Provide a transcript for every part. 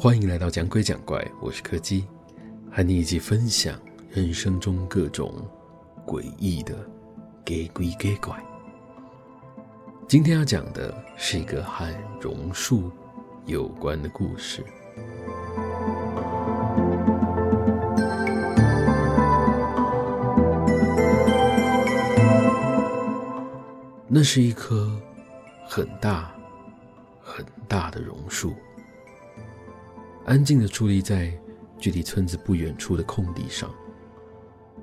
歡迎來到講鬼講怪，我是柯基，和你一起分享人生中各種詭異的講鬼講怪。今天要講的是一個和榕樹有關的故事。那是一棵很大很大的榕樹。安靜的矗立在距離村子不遠處的空地上，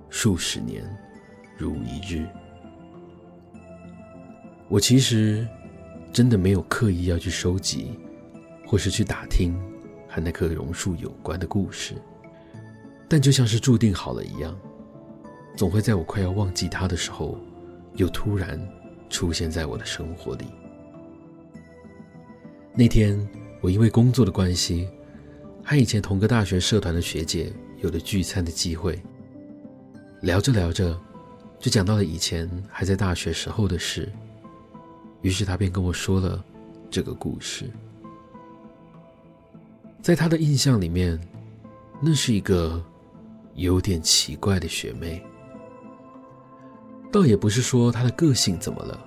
數十年如一日。我其實真的沒有刻意要去收集，或是去打聽和那棵榕樹有關的故事，但就像是注定好了一樣，總會在我快要忘記它的時候，又突然出現在我的生活裡。那天我因為工作的關係，和以前同個大學社團的學姐有了聚餐的機會，聊着聊着就講到了以前還在大學時候的事，於是她便跟我說了這個故事。在她的印象裡面，那是一個有點奇怪的學妹，倒也不是說她的個性怎麼了，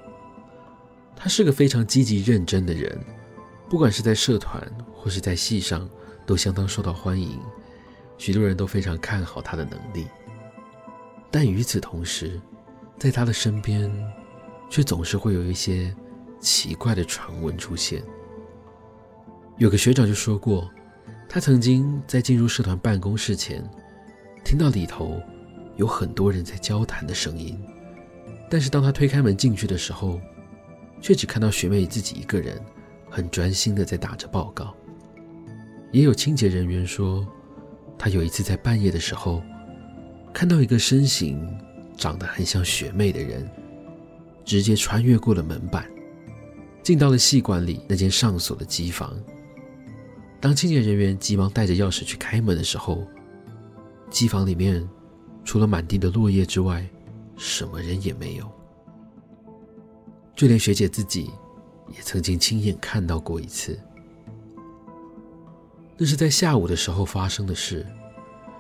她是個非常積極認真的人，不管是在社團或是在系上。都相當受到歡迎，許多人都非常看好他的能力。但與此同時，在他的身邊，卻總是會有一些奇怪的傳聞出現。有個學長就說過，他曾經在進入社團辦公室前，聽到裡頭有很多人在交談的聲音，但是當他推開門進去的時候，卻只看到學妹自己一個人很專心地在打着報告。也有清潔人員說，他有一次在半夜的時候，看到一個身形長得很像學妹的人，直接穿越過了門板，進到了系館裡那間上鎖的機房。當清潔人員急忙帶着鑰匙去開門的時候，機房裡面除了滿地的落葉之外，什麼人也沒有。就連學姐自己，也曾經親眼看到過一次。這是在下午的時候發生的事。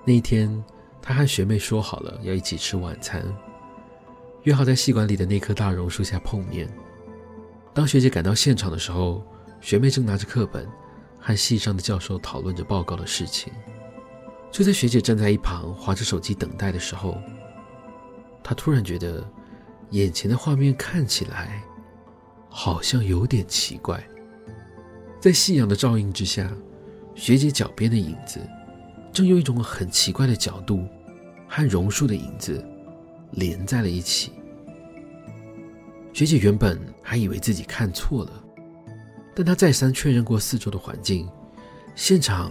那一天，他和學妹說好了要一起吃晚餐，約好在系館裡的那棵大榕樹下碰面。當學姐趕到現場的時候，學妹正拿着課本，和系上的教授討論着報告的事情。就在學姐站在一旁滑着手機等待的時候，她突然覺得，眼前的畫面看起來，好像有點奇怪。在夕陽的照映之下，學姐腳邊的影子，正用一種很奇怪的角度，和榕樹的影子連在了一起。學姐原本還以為自己看錯了，但她再三確認過四周的環境，現場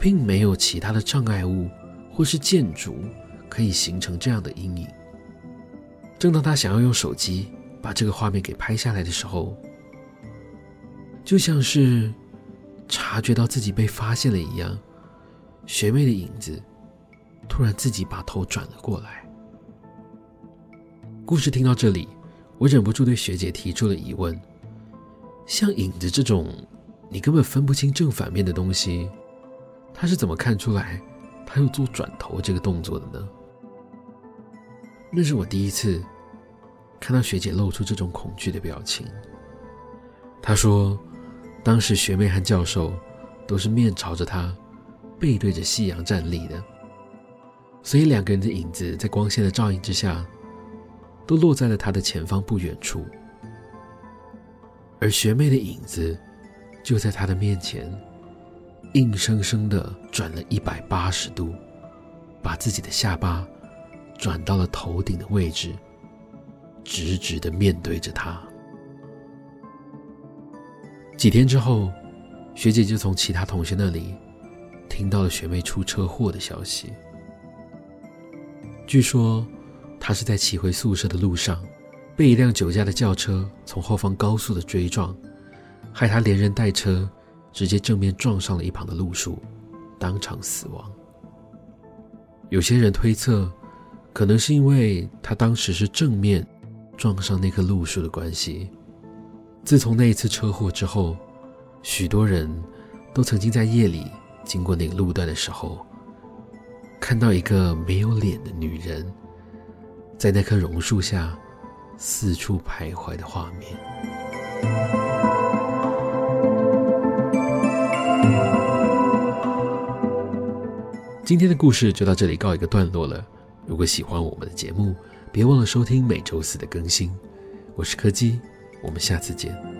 並沒有其他的障礙物或是建築可以形成這樣的陰影。正當她想要用手機把這個畫面給拍下來的時候，就像是……察覺到自己被發現了一樣，學妹的影子突然自己把頭轉了過來。故事聽到這裡，我忍不住對學姐提出了疑問：像影子這種你根本分不清正反面的東西，她是怎麼看出來她要做轉頭這個動作的呢？那是我第一次看到學姐露出這種恐懼的表情。她說。當時學妹和教授都是面朝着他，背對着夕陽站立的，所以兩個人的影子在光線的照映之下，都落在了他的前方不遠處。而學妹的影子就在他的面前，硬生生的轉了一百八十度，把自己的下巴轉到了頭頂的位置，直直的面對着他。幾天之後，學姐就從其他同學那裡聽到了學妹出車禍的消息。據說，她是在騎回宿舍的路上，被一輛酒駕的轎車從後方高速的追撞，害她連人帶車直接正面撞上了一旁的路樹，當場死亡。有些人推測，可能是因為她當時是正面撞上那棵路樹的關係。自從那一次車禍之後，許多人都曾經在夜裡經過那個路段的時候，看到一個沒有臉的女人，在那棵榕樹下四處徘徊的畫面。今天的故事就到這裡告一個段落了。如果喜歡我們的節目，別忘了收聽每周四的更新。我是柯基。我們下次見。